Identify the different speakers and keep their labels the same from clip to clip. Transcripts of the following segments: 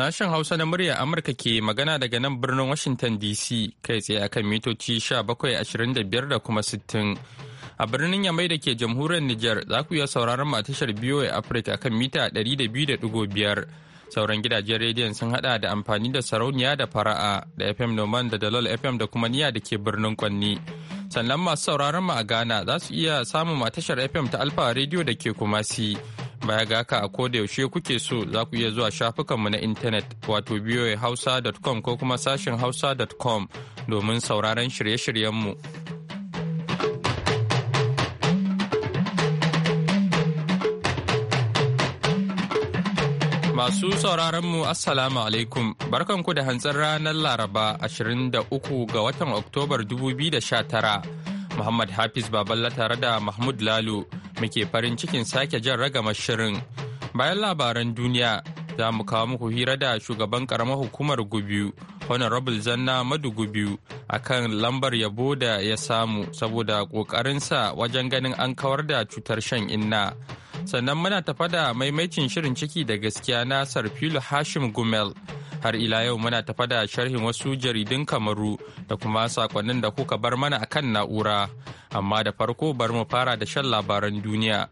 Speaker 1: Sashen Hausa na murya Amurka ke magana daga nan birnin Washington DC kai tsaye akan mitoci 1725 da kuma 60. A birnin Yamai da ke jamhuriyar Nijar za ku iya sauraron mu a tashar BOA Africa kan mita 200.5. Sauran gidajen rediyon sun hada da amfani da sarauniya da fara'a da FM Noman da Dalol FM da kuma niya da ke birnin Kwanni. Sannan masu sauraron mu a Ghana za su iya samun tashar FM ta Alfa Radio da ke Kumasi. Baya ga haka a yaushe kuke so za ku iya zuwa shafukanmu na intanet wato hausa.com ko kuma sashin hausa.com domin sauraron shirye-shiryenmu. Masu sauraronmu Assalamu alaikum, barkanku da hantsin ranar Laraba 23 ga watan Oktobar 2019. Muhammad Hafiz Baballa tare da Mahmud Lalo muke farin cikin sake jan ragama shirin. Bayan labaran duniya, za mu kawo muku hira da shugaban karamar hukumar Gubiyu, Honorable Zanna madugubiyu a kan lambar yabo da ya samu saboda kokarinsa wajen ganin an kawar da cutar shan inna. Sannan muna tafa da maimacin shirin ciki da gaskiya na Sarfilu Hashim Gumel. har ila yau muna tafa da sharhin wasu jaridun kamaru da kuma sakonnin da kuka bar mana a kan na'ura amma da farko bar mu fara da shan labaran duniya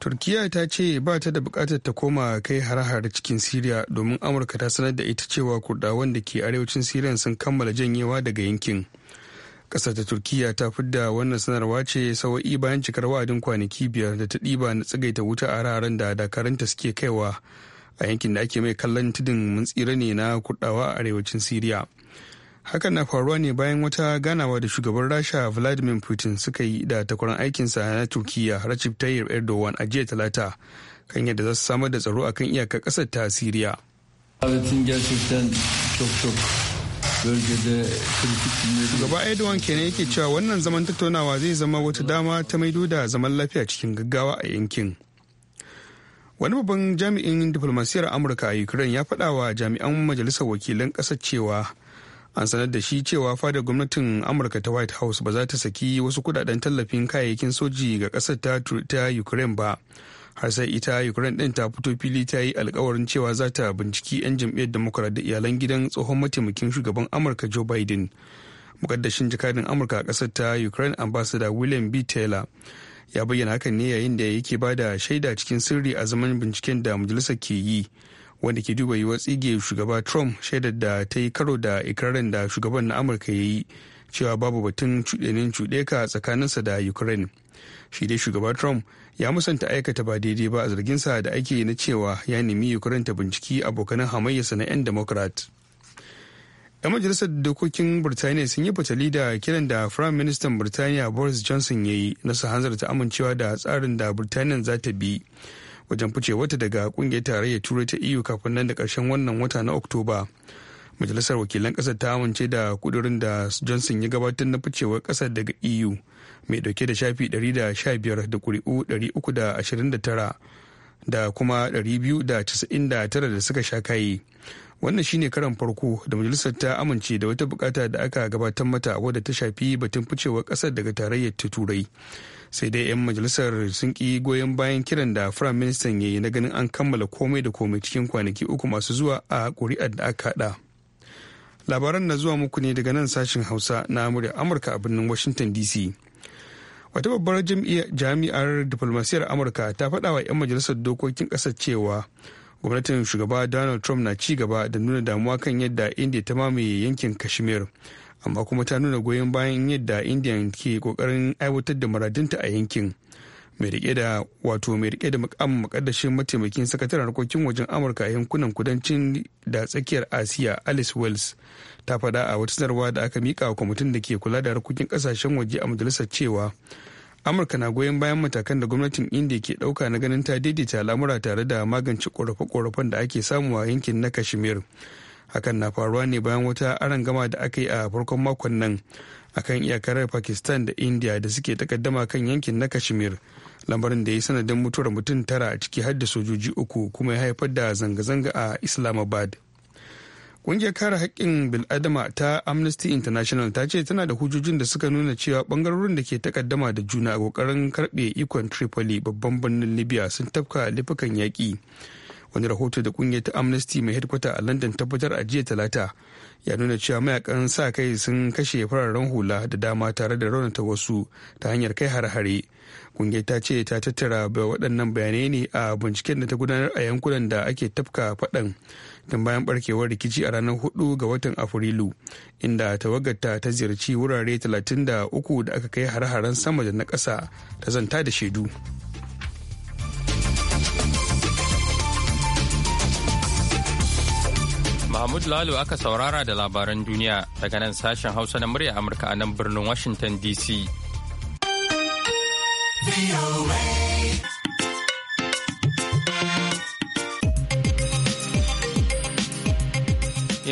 Speaker 2: turkiya ta ce ba ta da bukatar ta koma kai har hare cikin siriya domin amurka ta sanar da ita cewa kurdawan da ke arewacin siriya sun kammala janyewa daga yankin kasar ta turkiya ta fidda wannan sanarwa ce sawa'i bayan cikar wa'adin kwanaki biyar da ta ɗiba na tsagaita wuta a raran da dakaranta suke kaiwa a yankin da ake mai kallon tudun mun tsira ne na kudawa a arewacin siriya hakan na faruwa ne bayan wata ganawa da shugaban rasha vladimir putin suka yi da takwaran aikinsa na turkiya recep tayyip erdogan a jiya talata kan yadda za su samar da tsaro akan iyakar kasar ta siriya bölgede kritik dinledi. Shugaba Erdogan kenan yake cewa wannan zaman tattaunawa zai zama wata dama ta maido da zaman lafiya cikin gaggawa a yankin. Wani babban jami'in diflomasiyyar Amurka a Ukraine ya faɗa wa jami'an majalisar wakilan ƙasar cewa an sanar da shi cewa fadar gwamnatin Amurka ta White House ba za ta saki wasu kudaden tallafin kayayyakin soji ga ƙasar ta Ukraine ba. har sai ita ukraine din ta fito fili ta yi alkawarin cewa za ta binciki 'yan jam'iyyar democrat da iyalan gidan tsohon mataimakin shugaban amurka joe biden mukaddashin jakadin amurka a ƙasar ta ukraine ambassador william b taylor ya bayyana hakan ne yayin da yake ba da shaida cikin sirri a zaman binciken da majalisar ke yi wanda ke duba yiwuwar tsige shugaba trump shaidar da ta yi karo da ikirarin da shugaban na amurka ya yi cewa babu batun cuɗenin cuɗe ka tsakaninsa da ukraine shi dai shugaba trump ya musanta aikata ba daidai ba a zargin sa da ake na cewa ya nemi ukraine ta binciki abokanan hamayyarsa na 'yan democrat 'yan majalisar dokokin birtaniya sun yi fatali da kiran da prime ministan birtaniya boris johnson ya yi na su hanzarta amincewa da tsarin da birtaniya za ta bi wajen fice wata daga kungiyar tarayyar turai ta eu kafin nan da karshen wannan wata na oktoba majalisar wakilan kasar ta amince da kudurin da johnson ya gabatar na ficewar kasar daga eu mai dauke da shafi 115 da kuri'u 329 da kuma 299 da suka sha kayi wannan shine karan farko da majalisar ta amince da wata bukata da aka gabatar mata wadda ta shafi batun ficewa kasar daga tarayyar ta turai sai dai 'yan majalisar sun ki goyon bayan kiran da firayim ministan ya yi na ganin an kammala komai da komai cikin kwanaki uku masu zuwa a kuri'ar da aka haɗa labaran na zuwa muku ne daga nan sashen hausa na amurka a birnin washington dc wata babbar jami'ar diplomasiyar amurka ta faɗa wa 'yan majalisar dokokin ƙasar cewa gwamnatin shugaba donald trump na ci gaba da nuna damuwa kan yadda india ta mamaye yankin kashmir amma kuma ta nuna goyon bayan yadda india ke kokarin aiwatar da muradinta a yankin mai rike da wato mai rike da mukamin makaddashin mataimakin sakataren harkokin wajen amurka a yankunan kudancin da tsakiyar asiya alice wells ta faɗa a wata sanarwa da aka mika wa kwamitin da ke kula da harkokin kasashen waje a majalisar cewa amurka na goyon bayan matakan da gwamnatin india ke ɗauka na ganin ta daidaita al'amura tare da magance korafe-korafen da ake samu a yankin na kashmir hakan na faruwa ne bayan wata gama da aka yi a farkon makon nan a kan iyakar pakistan da india da suke takaddama kan yankin na kashmir lambarin da ya sanadin mutuwar mutum tara a ciki har da sojoji uku kuma ya haifar da zanga-zanga a islamabad ƙungiyar kare haƙƙin bil'adama ta amnesty international ta ce tana da hujjojin da suka nuna cewa ɓangarorin da ke takaddama da juna a ƙoƙarin karɓe ikon tripoli babban birnin libya sun tafka lifukan yaƙi wani rahoto da kungiyar ta amnesty mai hedkwata a london tabbatar a jiya talata ya nuna cewa mayakan sa kai sun kashe fararen hula da dama tare da raunata wasu ta hanyar kai har-hare kungiyar ta ce ta tattara waɗannan bayanai ne a binciken da ta gudanar a yankunan da ake tafka faɗan tun bayan barkewar rikici a ranar 4 ga watan afrilu inda tawagarta ta ziyarci wurare 33 da aka kai hare haren sama da na ƙasa ta zanta da shaidu.
Speaker 1: Mahmud Lalo aka saurara da labaran duniya daga nan sashen Hausa na murya Amurka a nan birnin Washington DC.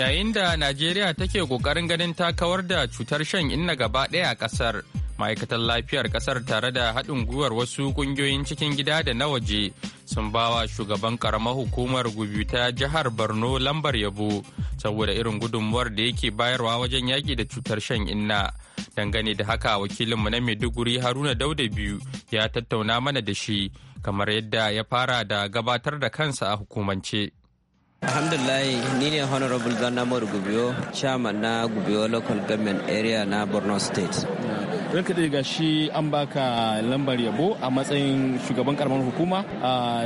Speaker 1: Yayin da Najeriya take ƙoƙarin ganin ta kawar da cutar shan inna gaba ɗaya a ƙasar. ma'aikatar lafiyar kasar tare da haɗin gwiwar wasu ƙungiyoyin cikin gida da na waje sun bawa shugaban karamar hukumar gubi ta jihar borno lambar yabo saboda irin gudunmuwar da yake bayarwa wajen yaƙi da cutar shan inna dangane da haka wakilinmu na maiduguri haruna dauda biyu ya tattauna mana da shi kamar yadda ya fara da gabatar da kansa a hukumance.
Speaker 3: alhamdulillah ni ne honorable zanamor gubiyo chairman na gubiyo local government area na borno state
Speaker 4: ranka da ga shi an baka lambar yabo a matsayin shugaban karamar hukuma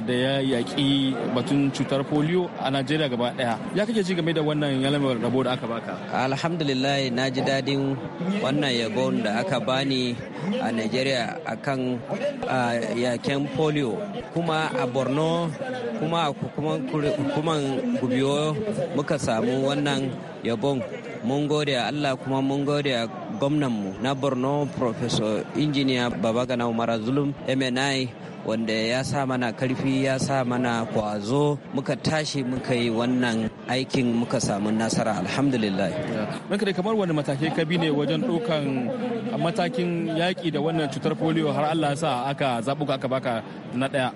Speaker 4: da ya yaƙi
Speaker 3: batun cutar polio a najeriya gaba daya ya kake ji game da wannan lambar rabo da aka baka alhamdulillah na ji dadin wannan yabo da aka bani a najeriya akan yaken polio kuma a borno kuma a hukuman gubiyo muka samu wannan yabon mun gode Allah kuma mun gode a gwamnanmu na Borno Professor Injiniya Babagana Umar Zulum MNI wanda ya sa mana karfi ya sa mana kwazo muka tashi muka yi wannan aikin muka samu nasara alhamdulillah
Speaker 4: muka da kamar wani matakai ka bi ne wajen ɗaukan matakin yaƙi da wannan cutar polio har Allah ya sa aka zaɓuka
Speaker 3: aka baka na ɗaya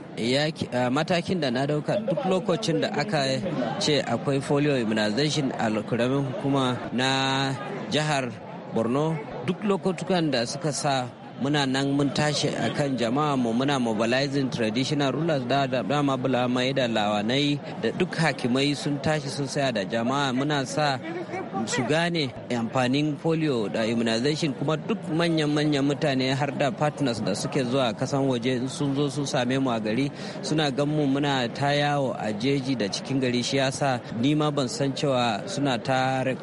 Speaker 3: matakin da na dauka duk lokacin da aka ce akwai folio immunization a hukuma na jihar borno duk lokacin da suka sa muna nan mun tashi a kan jama'a mu muna mobilizing traditional rulers da dama bulamai da lawanai da duk hakimai sun tashi sun saya da jama'a muna sa su gane amfanin polio da immunization kuma duk manyan-manyan mutane har da partners da suke zuwa kasan waje sun zo sun same mu a gari suna gan mu muna ta yawo a jeji da cikin gari shi yasa ni ma ban san cewa suna ta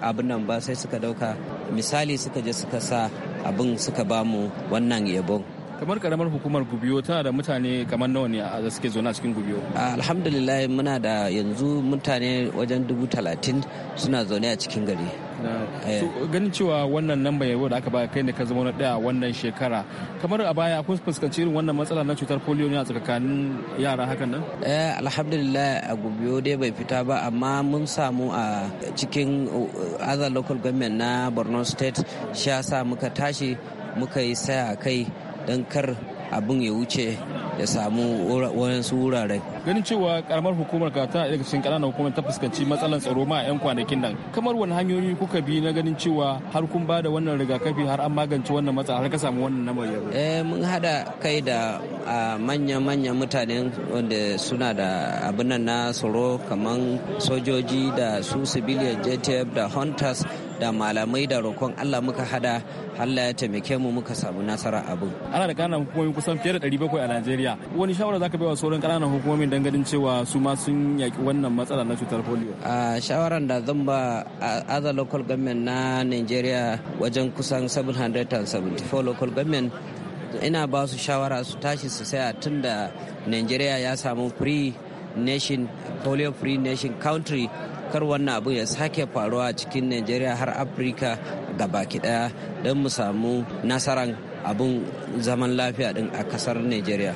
Speaker 3: abin nan ba sai suka dauka misali suka je suka sa abin suka bamu wannan yabon kamar karamar hukumar gubiyo tana da mutane kamar nawa ne a suke zaune a cikin gubiyo alhamdulillah muna da yanzu mutane wajen dubu talatin suna zaune a cikin gari eh. ganin cewa wannan bai yabo da aka baka kai ne ka zama na daya wannan shekara kamar a baya
Speaker 4: kun fuskanci irin wannan matsala na cutar polio ne a tsakanin yara hakan nan
Speaker 3: eh, alhamdulillah a gubiyo dai bai fita ba amma mun samu a cikin uh, other local government na Borno state shi yasa muka tashi muka yi saya kai don kar abin ya wuce ya samu wayansu wurare. Ganin cewa karamar
Speaker 4: hukumar ka ta daga cikin ƙananan hukumar ta fuskanci matsalar tsaro ma 'yan kwanakin nan. Kamar wani hanyoyi kuka bi na ganin cewa har kun ba da wannan rigakafi har an magance wannan matsala har ka samu wannan lamarin.
Speaker 3: Eh mun hada kai da manya-manyan mutane wanda suna da abin nan na tsaro kamar sojoji da su civilian JTF da hunters da malamai da roƙon Allah muka hada Allah ya taimake mu muka samu nasara abin. Ana da ƙananan
Speaker 4: hukumomi kusan fiye da 700 a Najeriya. Wani shawara zaka bai wa sauran ƙananan hukumomin dan ganin cewa su ma sun
Speaker 3: yaki wannan matsala na cutar polio? A shawaran da zan ba other local government na Najeriya wajen kusan 774 local government ina ba su shawara su tashi su saya tun da Najeriya ya samu free nation polio free nation country kar wannan abin ya sake faruwa cikin najeriya har afirka baki daya don mu samu nasaran abin zaman lafiya din a kasar Najeriya.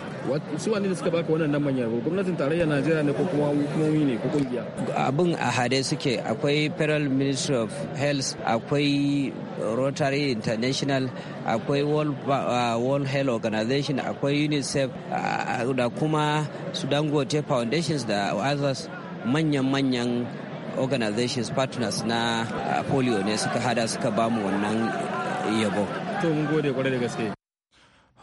Speaker 4: Su wani da suka baka wannan nan manyan gwamnatin tarayyar Najeriya ne ko kuma
Speaker 3: hukumomi ne ko kungiya? Abin a hade suke akwai Federal Ministry of Health, akwai Rotary International, akwai World, uh, Health Organization, akwai UNICEF uh, da kuma sudan Gote Foundations da others manyan-manyan organizations partners na uh, polio ne suka hada suka bamu wannan uh, yabo to mun gode kwarai da gaske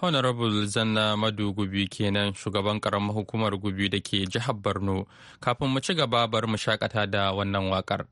Speaker 1: honorable zanna madu gubi kenan shugaban karamar hukumar gubi da ke jihar borno kafin mu ci gaba bar mu shakata da wannan wakar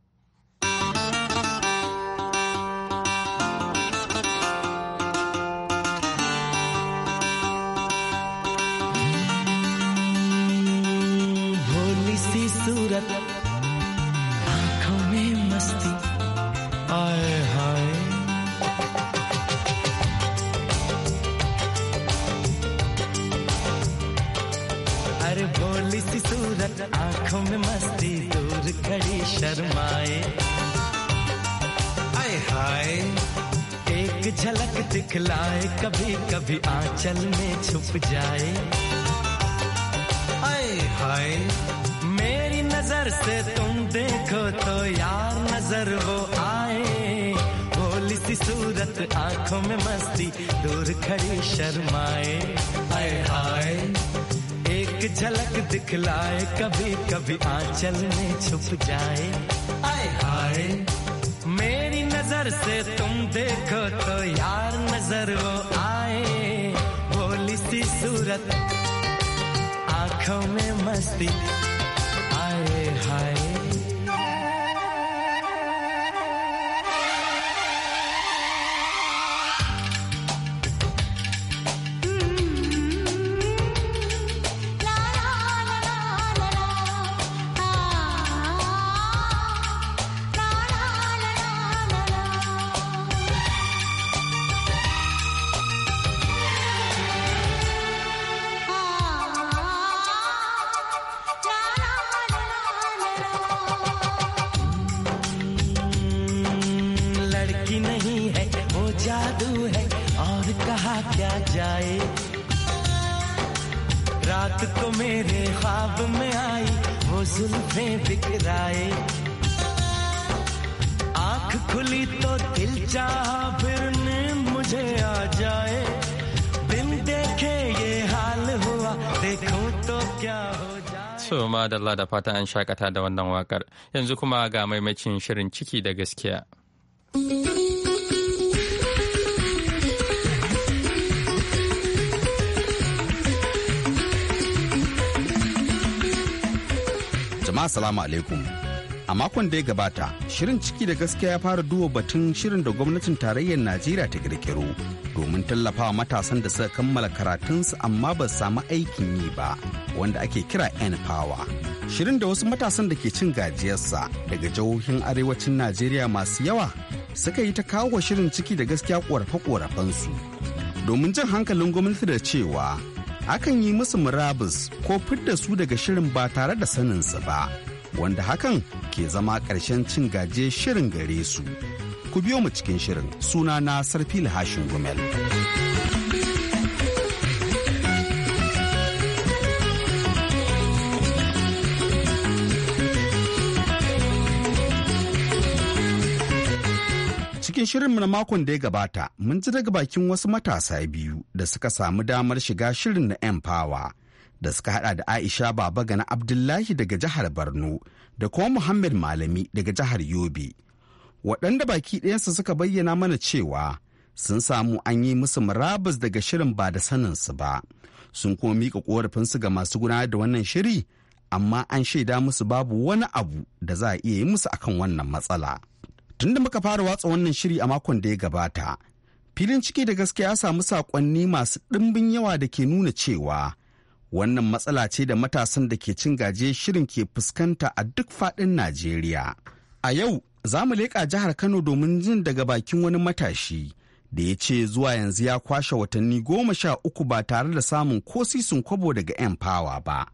Speaker 5: दिखलाए कभी कभी आंचल में छुप जाए आए हाय मेरी नजर से तुम देखो तो यार नजर वो आए भोली सी सूरत आंखों में मस्ती दूर खड़ी शर्माए आए हाय एक झलक दिखलाए कभी कभी आंचल में छुप जाए आए हाय नजर से तुम देखो तो यार नजर वो आए बोली सी सूरत आंखों में मस्ती आए आंख खुली तो दिल चाहा फिरने मुझे आ जाए बिन देखे ये हाल हुआ देखो तो क्या हो
Speaker 1: So, madalla da fata an shakata da wannan wakar, yanzu kuma ga maimacin shirin ciki da gaskiya.
Speaker 6: Assalamu alaikum a makon da ya gabata shirin ciki da gaskiya ya fara duba batun shirin da gwamnatin tarayyar najeriya ta kirkiro domin tallafawa matasan da suka kammala karatun su amma ba samu aikin yi ba wanda ake kira n power shirin da wasu matasan da ke cin gajiyarsa daga jihohin arewacin najeriya masu yawa suka yi ta kawo shirin ciki da gaskiya korafe su domin jan hankalin gwamnati da cewa akan yi musu murabus ko fidda su daga shirin ba tare da saninsu ba wanda hakan ke zama ƙarshen cin gaje shirin gare su ku biyo mu cikin shirin suna na sarfil hashin gumel. cikin shirinmu na makon da ya gabata, mun ji daga bakin wasu matasa biyu da suka samu damar shiga shirin na Empower da suka hada da Aisha Baba Gana Abdullahi daga jihar Borno da kuma Muhammad Malami daga jihar Yobe. Waɗanda baki ɗayansu suka bayyana mana cewa sun samu an yi musu murabus daga shirin ba da saninsu ba. Sun kuma miƙa su ga masu gudanar da wannan shiri, amma an shaida musu babu wani abu da za a iya yi musu akan wannan matsala. Tunda muka fara watsa wannan shiri a makon da ya gabata, filin ciki da gaskiya ya samu saƙonni masu ɗimbin yawa da ke nuna cewa wannan matsala ce da matasan da ke cin gaje shirin ke fuskanta a duk faɗin Najeriya. A yau za mu leƙa jihar Kano domin jin daga bakin wani matashi da ya ce zuwa yanzu ya kwashe watanni goma sha uku ba tare da samun ko sisin kwabo daga 'yan fawa ba.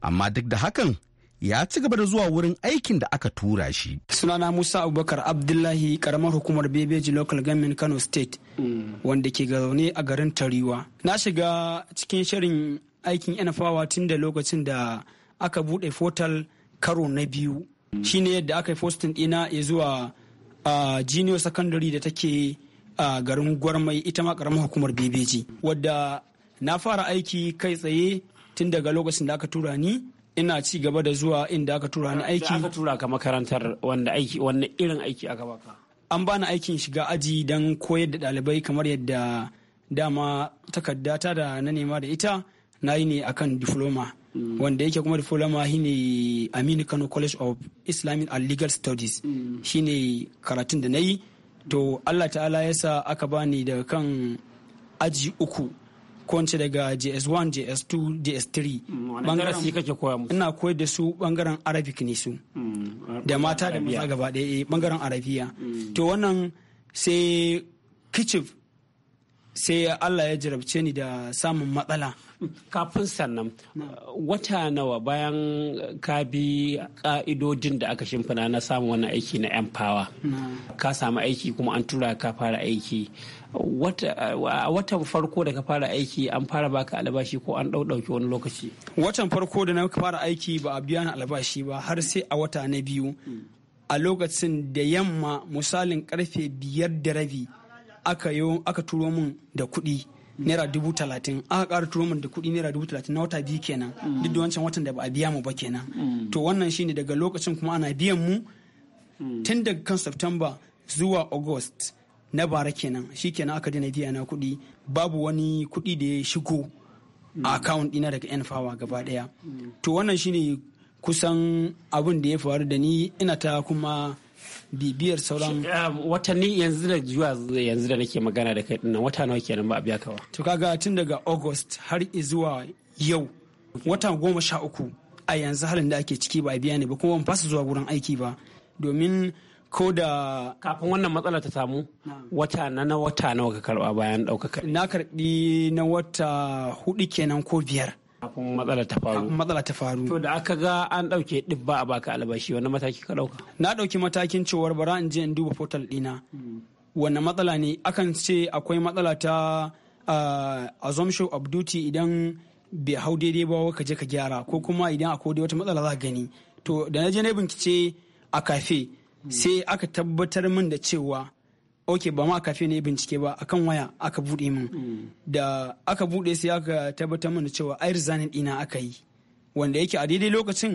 Speaker 6: Amma duk da hakan ya ci gaba da zuwa wurin aikin da aka tura shi.
Speaker 7: Sunana Musa Abubakar Abdullahi karamar hukumar Bebeji Local Government Kano State wanda ke zaune a garin Tariwa. Na shiga cikin shirin aikin NFAWA tun da lokacin da aka buɗe fotal karo na biyu. Shine yadda aka yi fostin ɗina ya zuwa a junior secondary da take a garin Gwarmai ita ma karamar hukumar Bebeji. Wadda na fara aiki kai tsaye tun daga lokacin da aka tura ni ina ci gaba da zuwa
Speaker 8: inda aka tura ni aiki aka tura ka makarantar wanda aiki wanne irin aiki aka baka
Speaker 7: an bani aikin shiga aji don koyar da ɗalibai kamar yadda dama takaddata da na nema da ita na yi ne akan diploma mm. wanda yake kuma diploma shine Aminu Kano College of Islamic and Legal Studies shi mm. shine karatun da na yi to Allah ta'ala ya sa aka bani daga kan aji uku ko daga js1 js2 js3 bangaren kake koya musu ina koyar da su bangaren arabic ne su mm, da mata da maza gaba daya eh, bangaren arabiya mm. to wannan sai kicif sai allah ya jarabce ni da samun
Speaker 8: matsala kafin sannan wata nawa bayan ka bi ka'idodin da aka shimfina na samun wannan aiki na yan fawa ka samu aiki kuma an tura ka fara aiki Uh, a watan farko da ka fara aiki an fara baka albashi ko an ɗauɗauki wani lokaci watan farko da na fara aiki ba a biya ni albashi
Speaker 7: ba har sai a wata na biyu a lokacin da yamma misalin karfe biyar da rabi aka turo min da kuɗi naira dubu talatin aka ƙara turo min da kuɗi naira dubu talatin na wata biyu kenan duk da wancan watan da ba a biya mu ba kenan to wannan shine daga lokacin kuma ana biyan mu tun daga kan september zuwa august na bara kenan shikenan aka daina biya na kuɗi babu wani kuɗi da ya shigo a account ɗina daga yan fawa gaba ɗaya to wannan shine kusan abin da ya faru da ni ina ta kuma bibiyar sauran um, watanni
Speaker 8: yanzu da zuwa yanzu da nake magana da kai dinnan wata nawa kenan ba a biya kawa
Speaker 7: to kaga tun daga august har zuwa yau wata goma sha uku a yanzu halin da ake ciki ba a biya ne ba kuma ban fasa zuwa wurin aiki ba domin ko da kafin wannan matsala ta
Speaker 8: samu wata na na wata nawa ka karba bayan daukaka na karbi na wata hudu kenan ko biyar kafin matsala ta faru kafin matsala ta faru to da aka ga an dauke
Speaker 7: dibba a baka albashi wani mataki ka dauka na dauki matakin cewar bara in je in duba portal dina hmm. wannan matsala ne akan ce akwai matsala ta assumption of duty idan bai hau daidai ba ka je ka gyara ko kuma idan akwai wata matsala za ka gani to da na je na bincike a kafe sai aka tabbatar min da cewa ok ba ma kafe ne bincike ba akan waya aka buɗe min da aka buɗe sai aka tabbatar min da cewa ai zanen ina aka yi wanda yake a daidai lokacin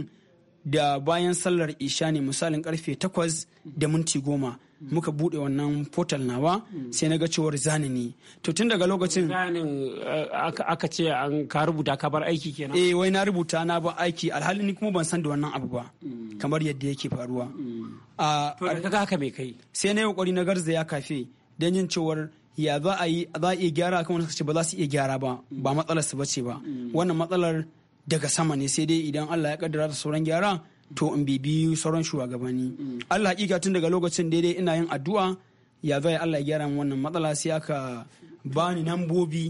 Speaker 7: da bayan sallar isha ne misalin karfe takwas da minti goma Mm. muka bude wannan portal ba. Mm. sai na ga cewar zani ne to tun daga lokacin eh, aka ce an ka rubuta ka bar aiki kenan eh wai na rubuta na ba aiki alhali ni kuma ban san da wannan abu ba mm. kamar yadda yake faruwa a kaga haka mai kai sai na yi kokari na ya kafe Dan yin cewar ya za a yi za a iya gyara kan wani ce ba za su iya gyara ba ba matsalar su bace ba wannan matsalar daga sama ne sai dai idan Allah ya kaddara da sauran gyara to in bibi sauran shugabanni Allah hakika tun daga lokacin dai ina yin addu'a ya zai Allah ya gyara min wannan matsala sai aka bani nambobi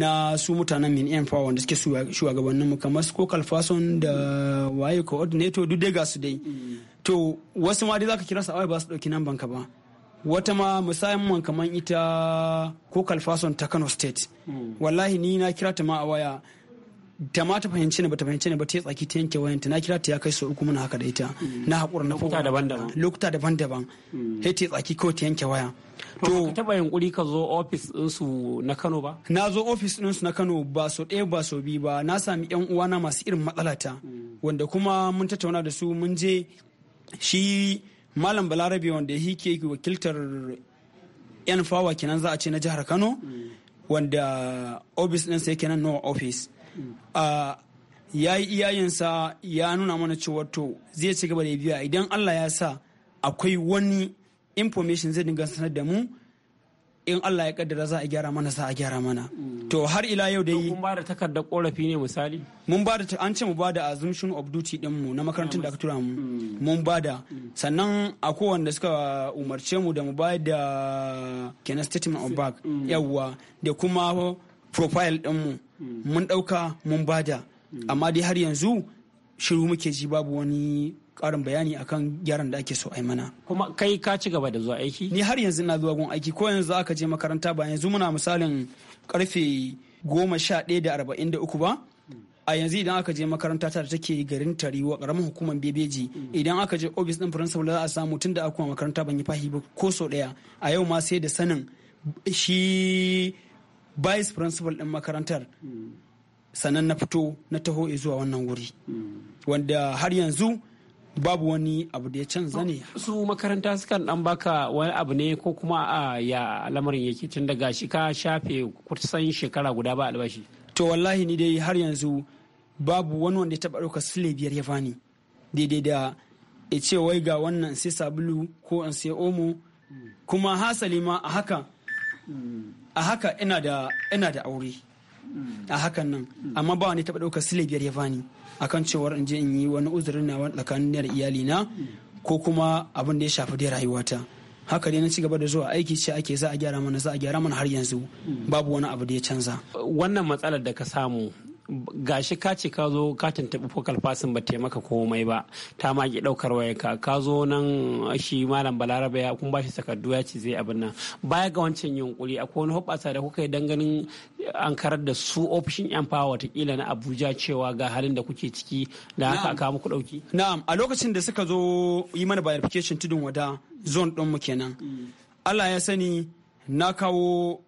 Speaker 7: na su mutanen min yan fawa wanda suke shugabannin mu kamar su ko kalfason da waye coordinator duk dai ga su dai to wasu ma dai zaka kira su awai ba su dauki namban ka ba wata ma musamman kamar ita ko kalfason ta Kano state wallahi ni na kira ta ma a waya ta ma ta fahimci ne ba ta fahimci ne ba ta yi tsaki ta yanke wayanta na kira ta ya kai sau uku muna haka da ita na haƙura na lokuta daban-daban lokuta daban-daban hmm. sai ta yi tsaki kawai ta yanke waya to ka taba yunkuri ka zo ofis ɗinsu na Kano ba na zo ofis ɗinsu na Kano ba so ɗaya ba so biyu ba na sami yan uwana masu irin matsalata hmm. wanda kuma mun tattauna da su mun je shi malam balarabe wanda yake wakiltar yan fawa kenan za a ce na jihar Kano hmm. wanda ofis ɗinsa yake nan no office ya yi iyayensa ya nuna mana cewa to zai ci gaba da biya idan Allah ya sa akwai wani information zai dinga sanar da mu in Allah ya kaddara za a gyara mana za a gyara mana to har ila yau dai mun ba takardar korafi ne misali mun bada an ce mu bada assumption of duty din mu na makarantun da aka tura mu mun bada sannan akwai wanda suka umarce mu da mu ba da kenan statement of back mm. yawwa da kuma profile ɗinmu mun ɗauka mun bada amma dai har yanzu shiru muke ji babu wani karin bayani akan gyaran da ake so a mana.
Speaker 8: Kuma kai ka ci gaba da zuwa aiki?
Speaker 7: Ni har yanzu na zuwa gun aiki ko yanzu aka je makaranta ba yanzu muna misalin karfe goma sha ɗaya da arba'in da uku ba. A yanzu idan aka je makaranta ta da take garin Tariwa ƙaramin hukumar Bebeji idan aka je ofis ɗin principal za a samu tun da aka makaranta ban yi fahi ba ko sau ɗaya a yau ma sai da sanin shi vice principal ɗin makarantar sannan na fito na taho zuwa wannan wuri wanda har yanzu
Speaker 8: babu wani abu da ya canza ne su makaranta sukan dan baka wani abu ne ko kuma a ya lamarin yake tun daga shi ka shafe kusan shekara guda ba albashi to
Speaker 7: wallahi ni dai har yanzu babu wani wanda ya taba ɗaukar sule biyar ya fani daidai da ya ce wai ga wannan sai sabulu ko in sai omo kuma hasali ma a haka a haka ina da aure a hakan nan amma ba wani taɓa ɗaukar sile ya bani akan cewar in je in yi wani uzurin na tsakanin da iyali na ko kuma abin da ya shafi dai rayuwata haka dai na ci gaba da zuwa aiki ce ake za a gyara mana za a gyara mana har yanzu babu wani abu da ya canza
Speaker 8: wannan matsalar da ka samu gashi ka ce ka zo ka tuntuɓi focal fasin ba taimaka komai ba ta ma ki ɗaukar wayarka ka zo nan shi malam Balaraba ya kun bashi takardu ya ce zai abin nan baya ga wancan yunkuri akwai wani hoɓasa da kuka yi ganin an karar da su ofishin yan fawa watakila na abuja cewa ga halin da kuke ciki da haka aka muku ɗauki. na'am a
Speaker 7: lokacin da suka zo yi mana verification tudun wada zone ɗinmu kenan mm. allah ya sani na kawo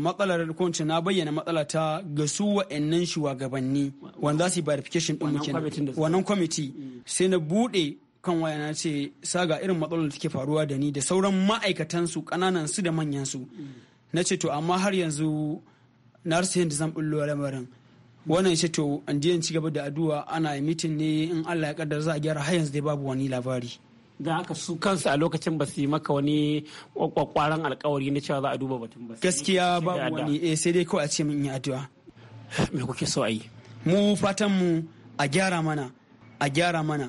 Speaker 7: matsalar ko na bayyana matsala ta ga su wa'annan shugabanni wanda za su yi verification din mukin wannan kwamiti sai na buɗe kan waya na ce ga irin matsalar da take faruwa da ni da sauran ma'aikatan su kananan su da manyan su na ce to amma har yanzu na rasa yadda zan bullo lamarin wannan ce to an ci gaba da addu'a ana yi mitin ne in Allah ya kaddara za a gyara
Speaker 8: har yanzu dai babu wani labari da aka su kansu a lokacin ba su yi maka wani kwakwaran alkawari na cewa za a duba batun ba gaskiya ba wani eh sai dai kawai a ce mun yi addu'a
Speaker 7: me kuke so a yi mu fatan mu a gyara mana a gyara mana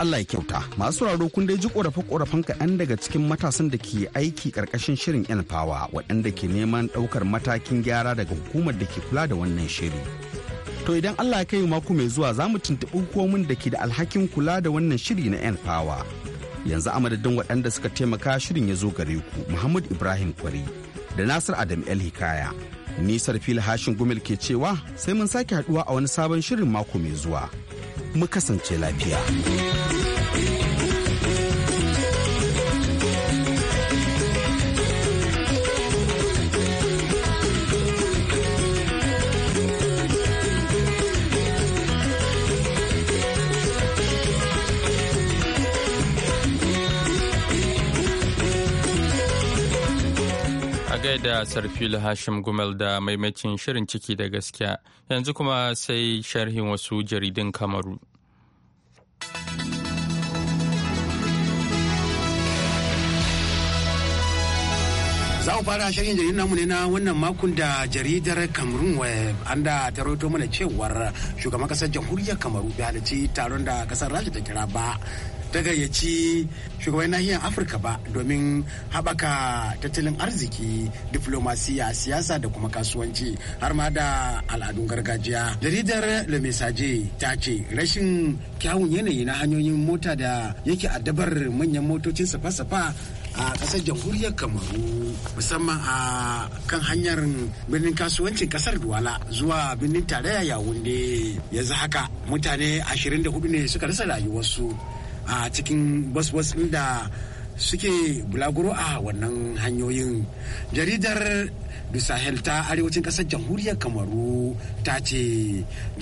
Speaker 6: Allah ya kyauta masu sauraro kun dai ji korafe korafen kaɗan daga cikin matasan da ke aiki ƙarƙashin shirin yan power waɗanda ke neman ɗaukar matakin gyara daga hukumar da ke kula da wannan shiri. To idan Allah ya kai mako mai zuwa za mu tuntuɓi hukumomin da ke da alhakin kula da wannan shiri na yan fawa. Yanzu a madadin waɗanda suka taimaka shirin ya zo gare ku Muhammad Ibrahim Kwari da Nasir Adam El Hikaya. Nisar fili hashin gumel ke cewa sai mun sake haɗuwa a wani sabon shirin mako mai zuwa. mu kasance lafiya.
Speaker 1: da sarfil hashim gumel da maimacin shirin ciki da gaskiya yanzu kuma sai sharhin wasu jaridun kamaru
Speaker 9: za mu fara shirin jaridun namu ne na wannan makon da jaridar cameroon web an da ta rawaito mana cewar shugaban kasar jamhuriyar kamaru bai halarci taron da kasar rasha ta kira ba ta gayyaci shugaban nahiyar afirka ba domin haɓaka tattalin arziki diplomasiya siyasa da kuma kasuwanci har ma da al'adun gargajiya jaridar le message ta ce rashin kyawun yanayi na hanyoyin mota da yake addabar manyan motocin safa-safa a ƙasar jamhuriyar kamaru musamman a kan hanyar birnin kasuwancin ƙasar duwala zuwa birnin tarayya yawunde yanzu haka mutane 24 ne suka rasa rayuwarsu a cikin bas-bas da suke bulaguro a wannan hanyoyin jaridar du sahel ta arewacin kasar jamhuriyar kamaru ta ce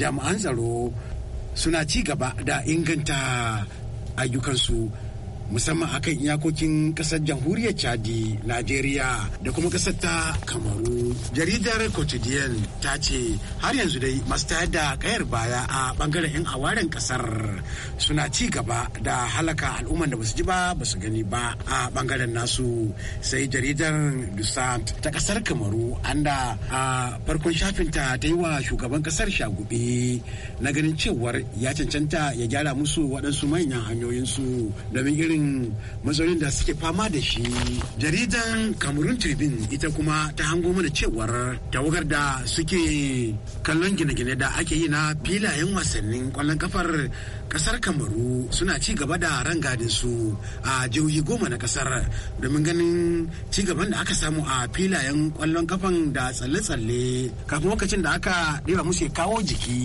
Speaker 9: jami'an tsaro suna ci gaba da inganta ayyukansu musamman akan iyakokin kasar jamhuriyar chadi najeriya da kuma kasar ta kamaru jaridar quotidien ta ce har yanzu dai masu tayar da kayar baya a bangaren 'yan awaren kasar suna ci gaba da halaka al'umman da basu ji ba basu gani ba a bangaren nasu sai jaridar dusant ta kasar kamaru anda a farkon shafinta ta yi wa shugaban kasar shagube na ganin cewar ya cancanta ya gyara musu waɗansu manyan hanyoyinsu domin irin irin matsalolin da suke fama da shi jaridan cameroon tribune ita kuma ta hango mana cewar tawagar da suke kallon gine-gine da ake yi na filayen wasannin kwallon kafar kasar kamaru suna ci gaba da rangadin su a jihohi goma na kasar domin ganin ci gaban da aka samu a filayen kwallon kafan da tsalle-tsalle kafin lokacin da aka ɗiba musu kawo jiki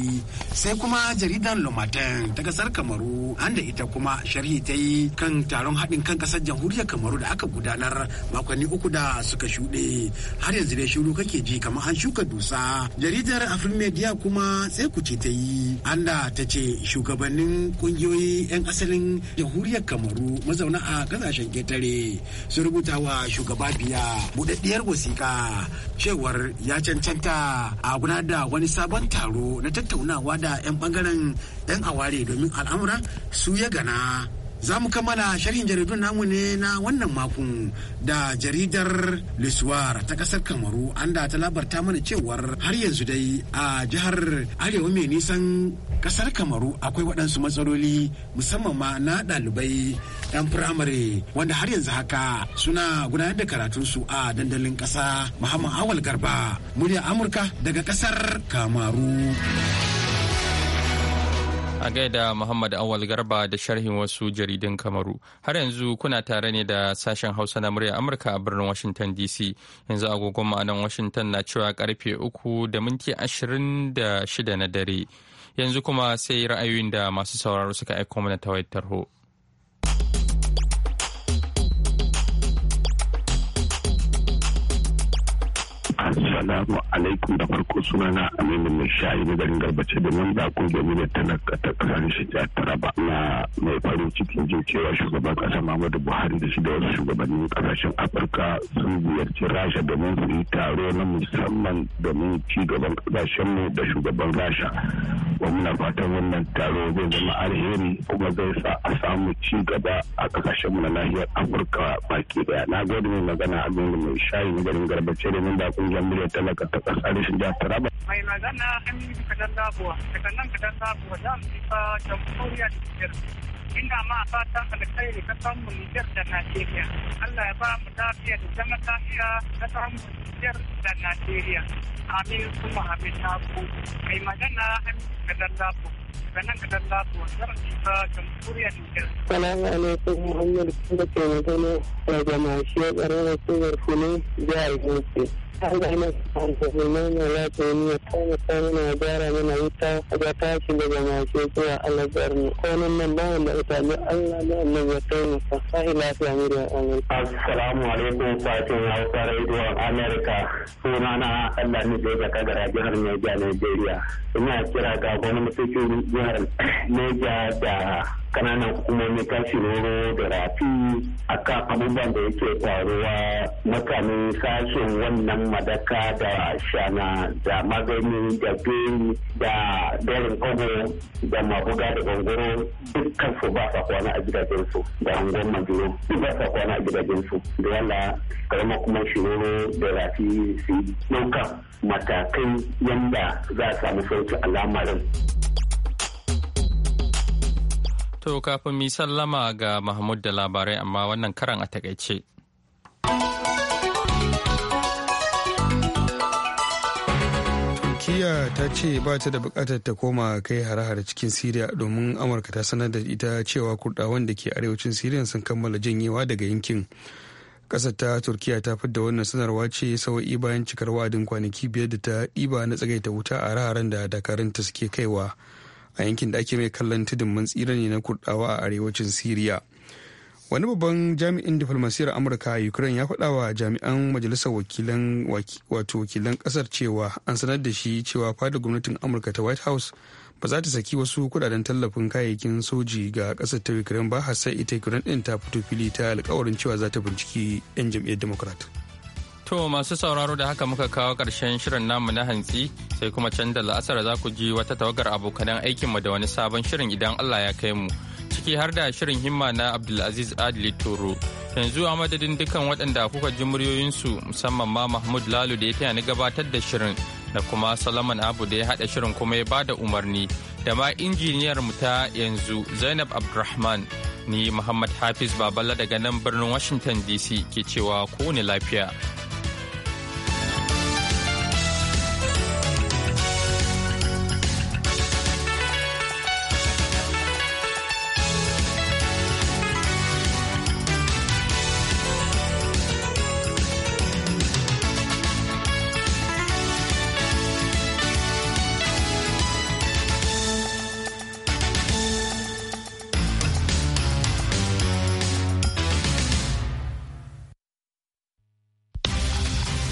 Speaker 9: sai kuma jaridan lomatin ta kasar kamaru an da ita kuma sharhi ta yi kan taron haɗin kan ƙasar jamhuriyar kamaru da aka gudanar makonni uku da suka shuɗe har yanzu dai shiru kake ji kamar an shuka dusa jaridar afrin media kuma sai ku ce ta yi anda ta ce shugabannin ƙungiyoyi 'yan asalin jamhuriyar kamaru mazauna a ƙasashen ketare su rubuta wa shugaba biya buɗaɗɗiyar wasiƙa cewar ya cancanta a gudanar da wani sabon taro na tattaunawa da 'yan ɓangaren 'yan aware domin al'amura su ya gana za mu kammala sharhin jaridun namu ne na wannan makon da jaridar Lisuwar ta kasar Kamaru an da ta labarta mana cewar har yanzu dai a jihar Arewa mai nisan kasar Kamaru akwai waɗansu matsaloli musamman ma na ɗalibai ɗan firamare wanda har yanzu haka suna gudanar da karatunsu a dandalin ƙasa Muhammad Awal Garba murya Amurka daga kasar Kamaru.
Speaker 1: A gaida Muhammad Awal Garba da sharhin wasu jaridun Kamaru. Har yanzu kuna tare ne da sashen Hausa na murya Amurka a birnin Washington DC. Yanzu agogon ma'anan Washington na cewa karfe uku da minti ashirin da shida na dare. Yanzu kuma sai ra'ayoyin da masu sauraro suka aiko mana ta tarho. Assalamu
Speaker 9: alaikum da farko sunana Aminu mai shayi na garin garbace da nan da kun gani da talaka ta kasar shi ta taraba na mai farin cikin jin cewa shugaban kasa Muhammadu Buhari da shi da wasu shugabannin kasashen Afirka sun ziyarci Rasha domin su yi taro na musamman domin ci gaban kasashen mu da shugaban Rasha. Wa muna fatan wannan taro zai zama alheri kuma zai sa a samu ci gaba a kasashen mu na nahiyar Afirka baki daya. Na gode mai magana Aminu mai shayi na garin garbace da nan da kun gani da talaka ta ƙasa rashin jihar Taraba. Mai magana yi Kadan Labuwa, daga nan Kadan Labuwa, za mu ba jamhuriyar ina ma ta alkhairi ka san mu Nijar da Najeriya. Allah ya ba mu lafiya da zama lafiya ka san mu Nijar da Najeriya. Amin kuma amin na ku. Mai magana Hamidu Kadallabo. Ganan Kadallabo zarfi ta jamhuriyar Nijar. Salamu
Speaker 5: alaikum Muhammad kuma ke magana daga mashi ya tsaro da kuma jihar Bauchi. Allah yana amfani da ya ce ni ya kama ta mana gyara mana wuta a ga tashi daga mashi zuwa alabar mu. Kwanan nan ba wanda sami Allah na
Speaker 3: ya taimaka sahi lafiya Assalamu alaikum fatin Hausa Radio Amerika suna na Allah jihar Niger Nigeria ina kira ga jihar Niger da kananan hukumomi roro da rafi akan abubuwan da yake faruwa mutane sashen wannan madaka da shana da magani da beni da dorin kogo da mabuga da gongoro dukkan su ba sa kwana a su da hangon majiro duk ba sa kwana a su da yalla karama kuma shiroro da rafi su dauka matakai yanda za a samu sauki alamarin.
Speaker 1: To kafin mi sallama ga Mahmud da labarai amma wannan karan a takaice.
Speaker 2: turkiyya ta ce ba ta da bukatar ta koma kai hare-hare cikin Siriya domin Amurka ta sanar da ita cewa kurdawan da ke arewacin Siriya sun kammala janyewa daga yankin. Kasar ta Turkiya ta fidda wannan sanarwa ce sawa'i bayan cikar wa'adin kwanaki biyar da ta ɗiba na tsagaita wuta a hare-haren da dakarunta suke kaiwa. a yankin da ake mai kallon tudun mun tsira ne na kurdawa a arewacin siriya wani babban jami'in diflomasiyar amurka a ukraine ya faɗa wa jami'an majalisar wakilan wato wakilan ƙasar cewa an sanar da shi cewa fadar gwamnatin amurka ta white house ba za ta saki wasu kudaden tallafin kayayyakin soji ga ƙasar ta ukraine ba har sai ita ukraine ɗin ta fito fili ta alkawarin cewa za ta binciki 'yan jam'iyyar democrat
Speaker 1: To masu sauraro da haka muka kawo ƙarshen shirin namu na hantsi sai kuma can da la'asar za ku ji wata tawagar abokanan aikinmu da wani sabon shirin idan Allah ya kai mu ciki har da shirin himma na Abdulaziz Adili Toro. Yanzu a madadin dukkan waɗanda kuka ji muryoyinsu musamman ma Mahmud Lalu da ya ta ni gabatar da shirin da kuma Salaman Abu da ya haɗa shirin kuma ya bada umarni da ma injiniyar mu ta yanzu Zainab Abdulrahman ni Muhammad Hafiz Baballa daga nan birnin Washington DC ke cewa kowane lafiya.